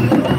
Thank you.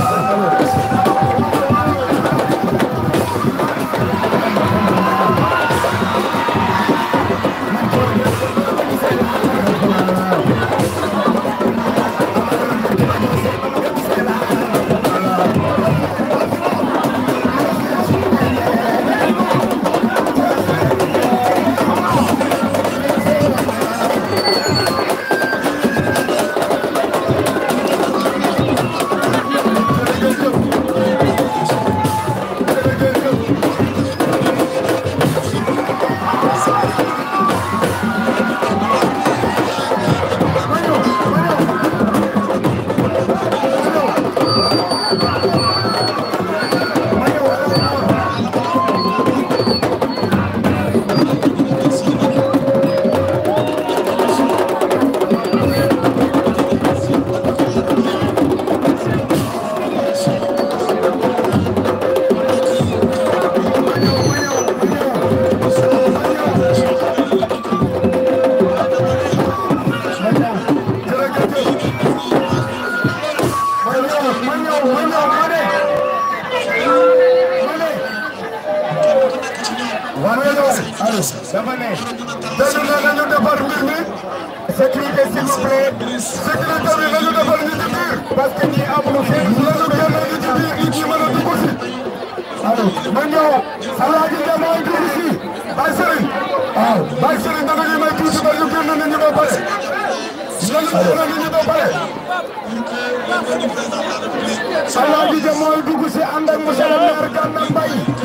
Thank you. s'il vous plaît sécurité bi nañu defal ñu ci biir parce que ñi amul kenn lañu génne ñu ci biir nit ñi mën a dugg si alors ma ñëw alaaji damay dugg si Baye Serigne waaw Baye Serigne dana ñu may tuuti ba ñu génn nit ñi ba pare lañu génn nit ñi ba pare alaaji damay dugg si ànd ak monsieur le maire Gana Mbaye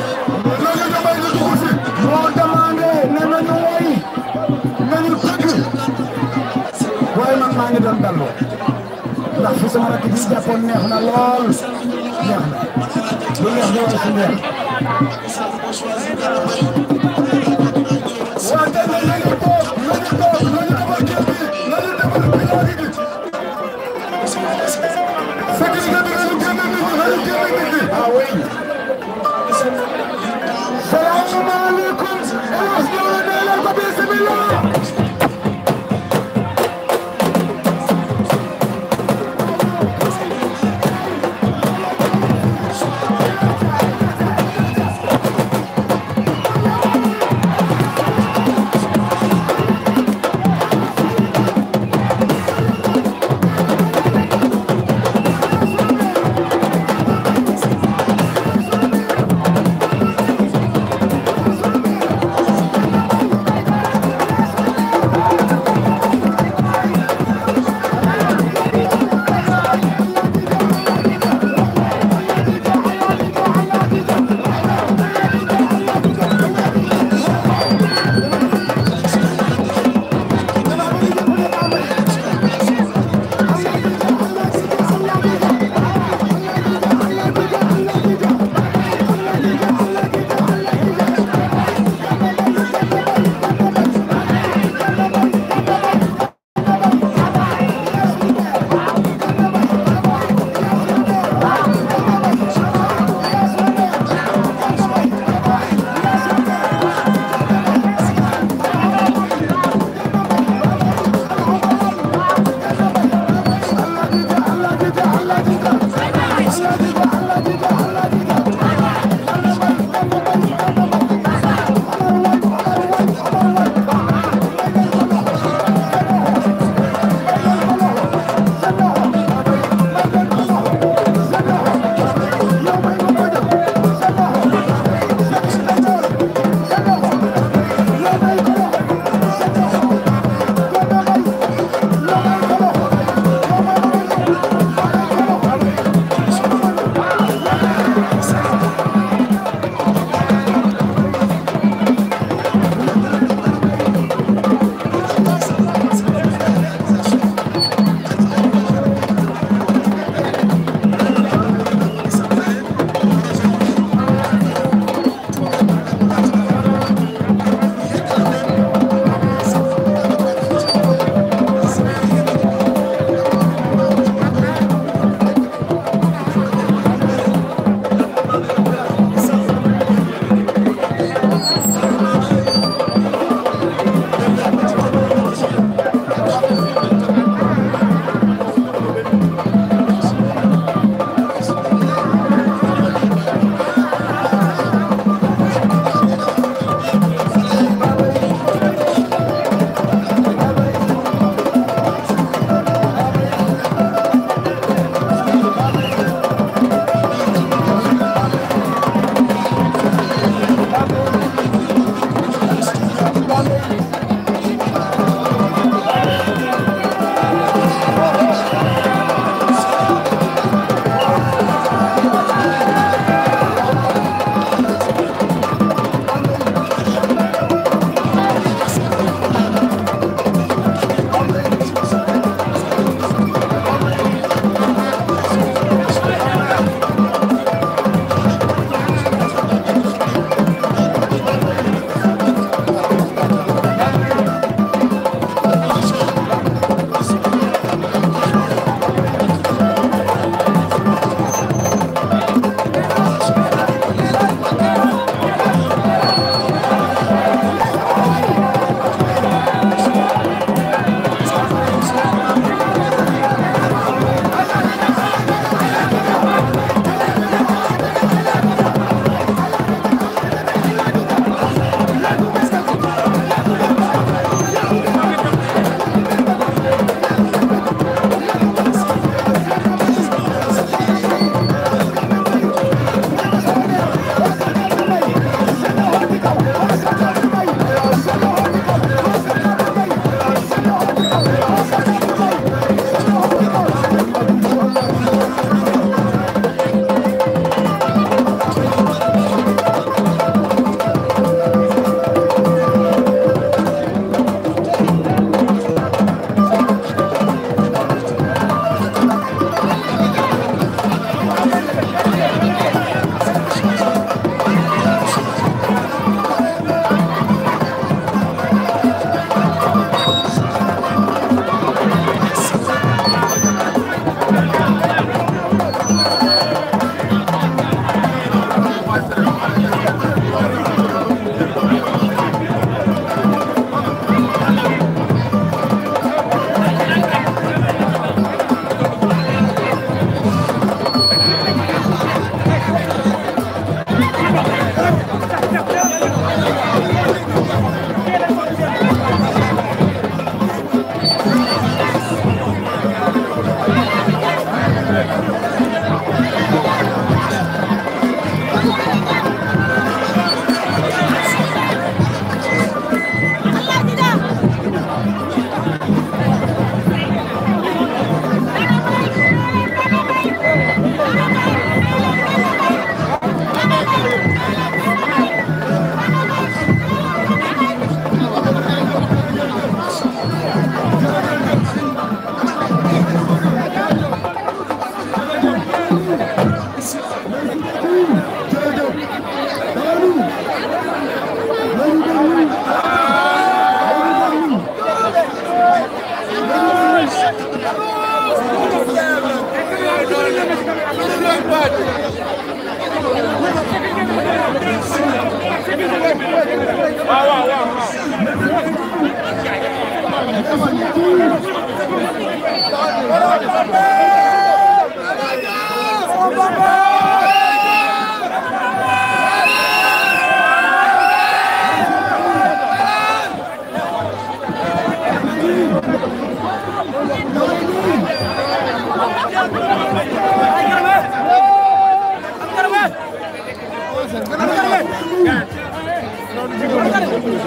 maa ngi doon dallu ndax fi sama rakk bi jàppoon neex na lool neex na lu neex di wax neex waa tey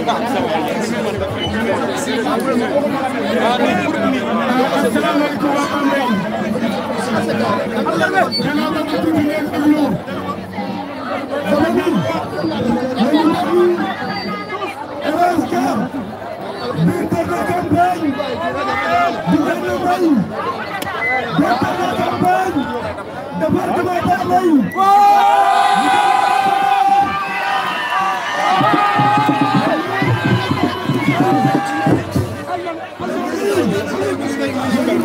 asalaamaaleykum waa Bambey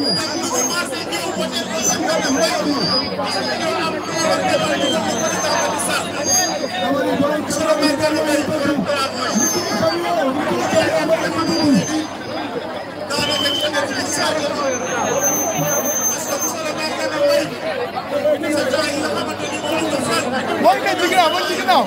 Boy, get the ground, boy, get the ground.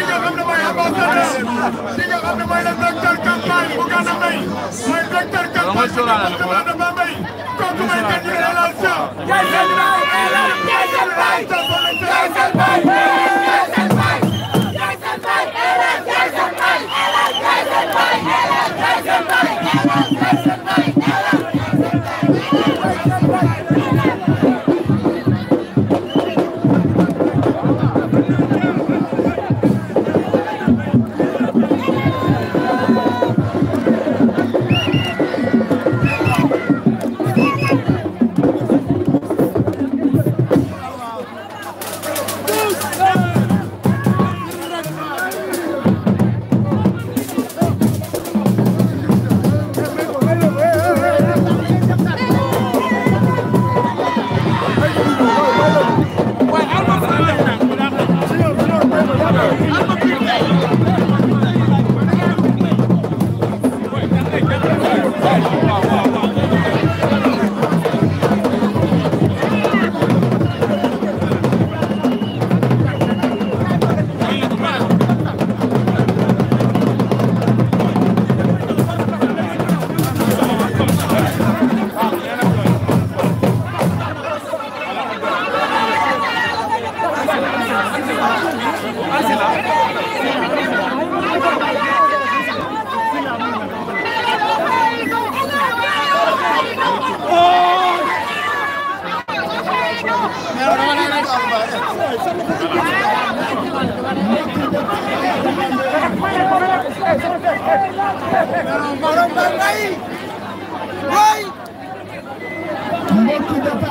xam ne mooy ambassadeur ki nga xam ne mooy le directeur campagne bu Gana Mbaye mooy directeur campagne bu département de Bambey kooku mooy candidat à l'élection Yeesal Faye Yeesal Yeesal Faye Yeesal Faye Yeesal Faye Yeesal Faye Yeesal Faye Yeesal Faye Yeesal Faye Yeesal Faye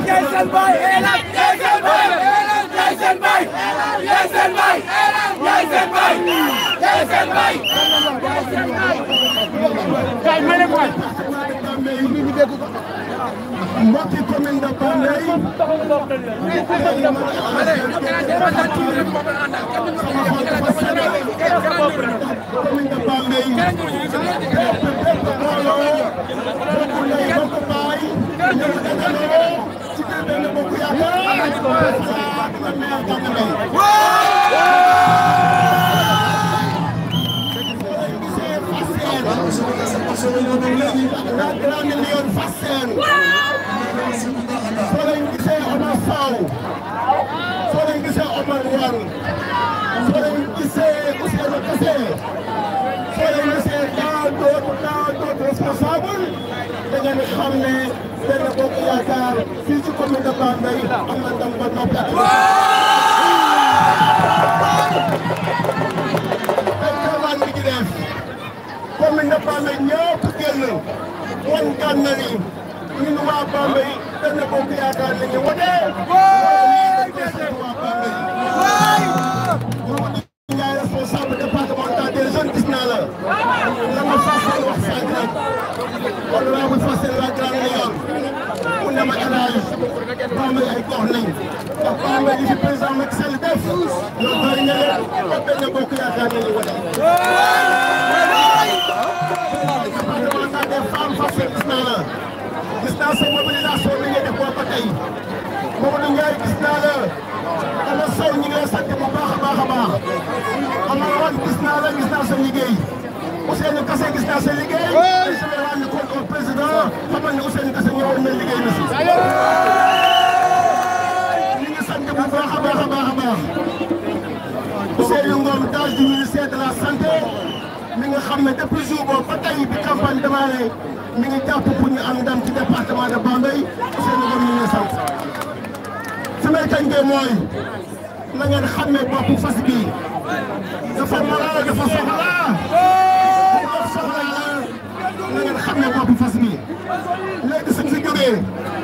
Quem se vai? Ela quem se vai? seen baay yaay seen baay yaay seen baay yaay seen baay kay ma leen waay mbokki commune de Bambey commune de Bambey bokk mbooloo bokk ndey bokk baay ñu dajaloo responsable da ngeen xam ne benn bokk yaakaar commune de Bambey am na ndam ba noppi bi ci def commune de Bambey ñëpp génn wan gànnaar yi ñun waa Bambey benn bokk yaakaar la ñu wote Honorable Facel Lagrande Bambey ay gox lañ ndax Bambey li fi président Macky Sall def loolu bëri na leen ba benn bokk yaakaar ne ñu wane. département des femmes fas yéene gis naa la gis naa sa mobilisation bi nga def boo ba tey Mamadou Ndiaye gis naa la dama sow ñu ngi lay sant bu baax a baax a baax Amar Wane gis naa la gis naa sa liggéey Ousseynou Kassé gis naa sa liggéey. président xamal ne Ousseynou Kassé ñëwoon na liggéey na si. bu baax a baax a baax a baax Seydou xam ne depuis jour boobu bi campagne démarré mi ngi jàpp pour ñu am ndam ci département de Bambey Seydou Ngom ñu ngi sant. fi may tënkee mooy na ngeen xam ne bopp fas bi dafa mara dafa na ngeen xam ne bopp fas bi léegi suñ si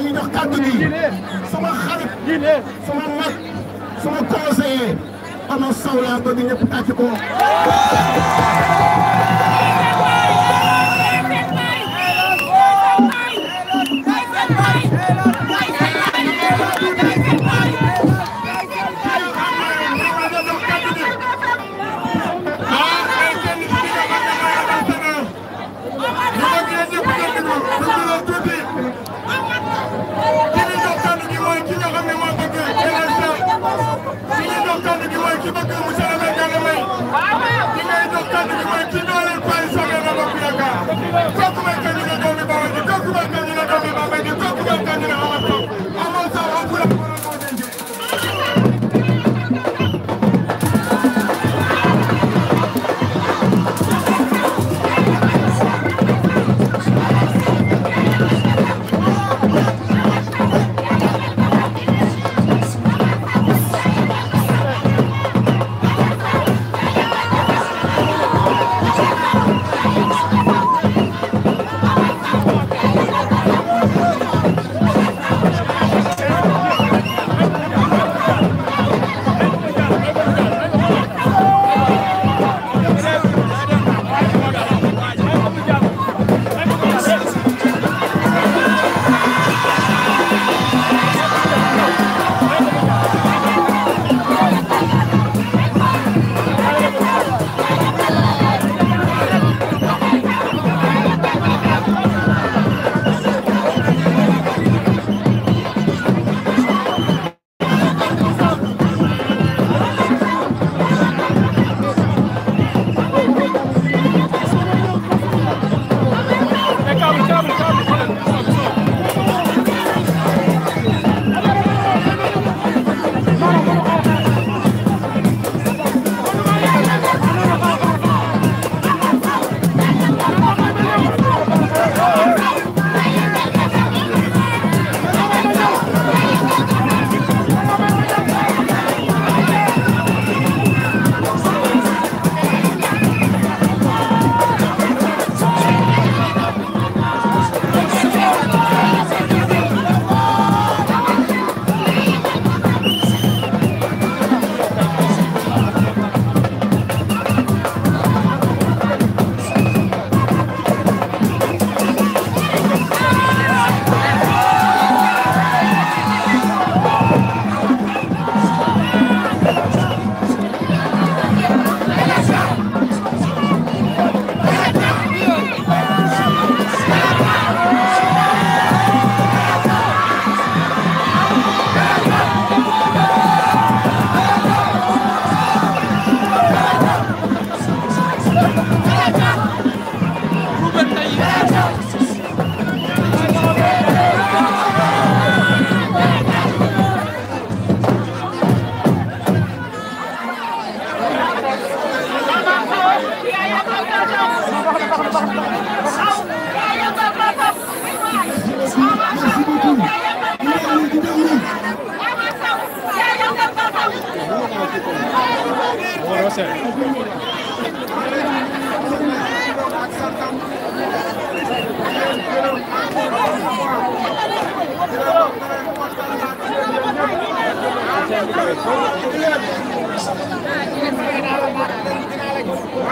dañuy jox kàddu gi sama xarit sama mag sama conseiller Omar Sow laa bëgg ñëpp tàcc ko.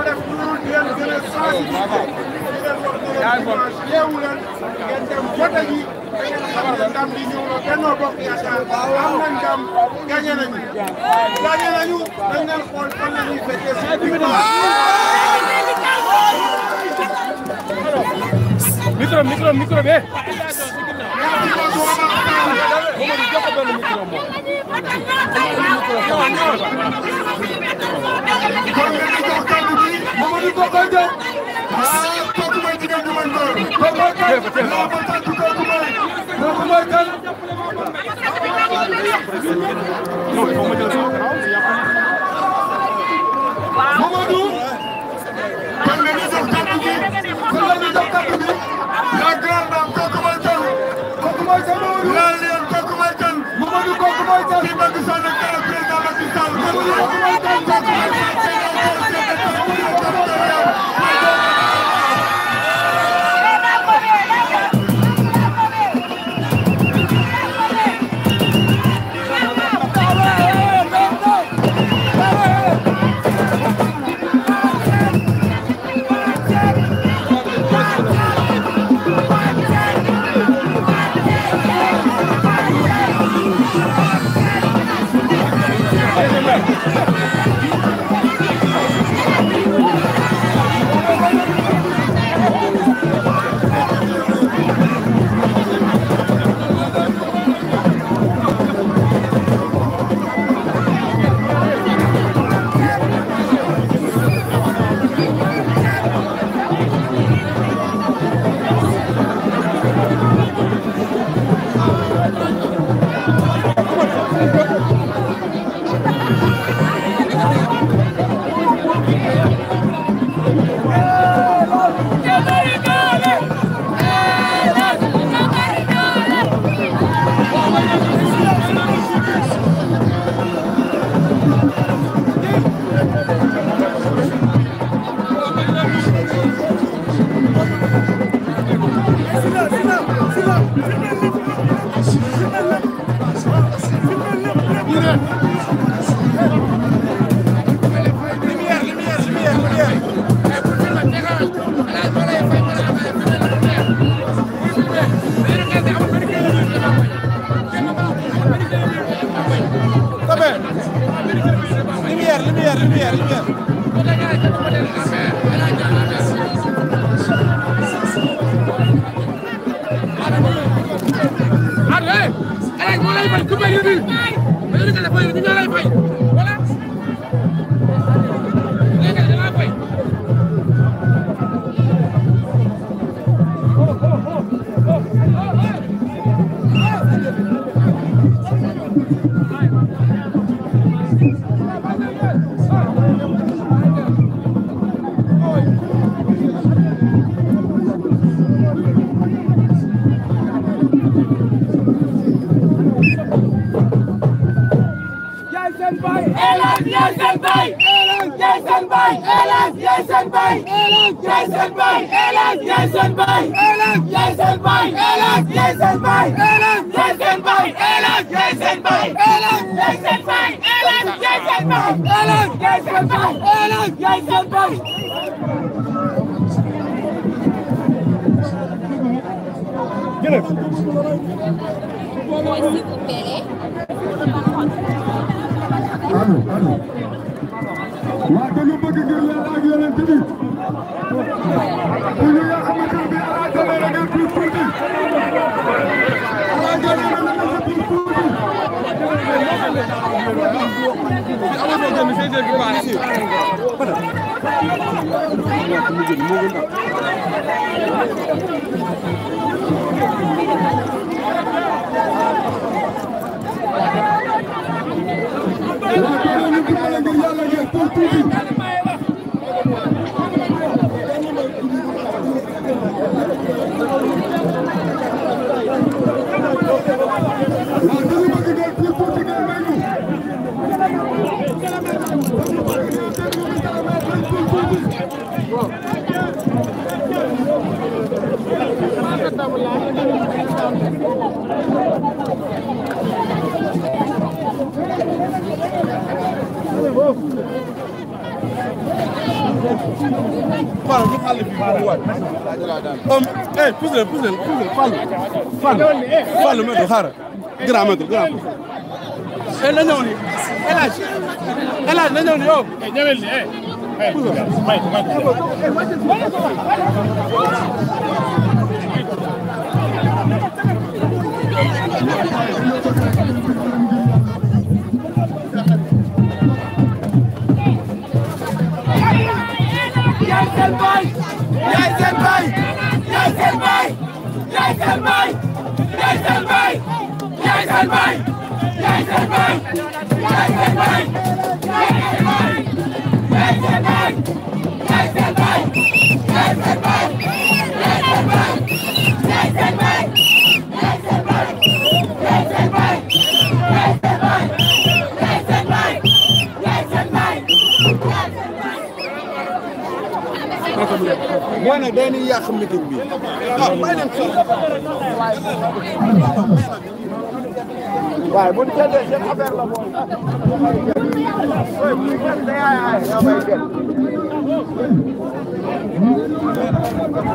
ko def lu dul di leen gën a sensibiliser di leen wax ne leen yeewu leen ngeen dem vote ji da ngeen xam ne ndam di ñëw la Benno Bokk Yaakaar am na ndam gagné nañu gagné nañu dañ leen xool fan la ñuy fekkee si micro micro micro be Thank you. Mamadou Koko Diop ah kooku mooy jigéen ju mën góor kooku mooy kan laa mën a tuddee ku may kooku mooy kan いいね Boubacar Jason Bay, Alex, Jason Bay, Jason Bay, waaw dañu bëgg ngir leen ak yeneen bi bu ñu yàq makar bi ala jale na ngeen plus tuuti ala jale na ngeen plus tuuti Thank you. Thank you. Fallou ñu xàll fii mu waay. comme eh pousse leen pousse leen pousse leen Fallou. Fallou Fallou météo xaaral. grand météo grand. eh na ñëw ni El Hadj El Hadj na ñëw ni yow. Eh, ñëwal ni eh. eh. pousse. Jaysel Mbaye Jaysel Mbaye Jaysel Mbaye Jaysel Mbaye Jaysel Mbaye Jaysel Mbaye Jaysel Mbaye Jaysel Mbaye mooy nag day ñuy yàq meeting bi ah bàyyi leen xel. waaye bu ñu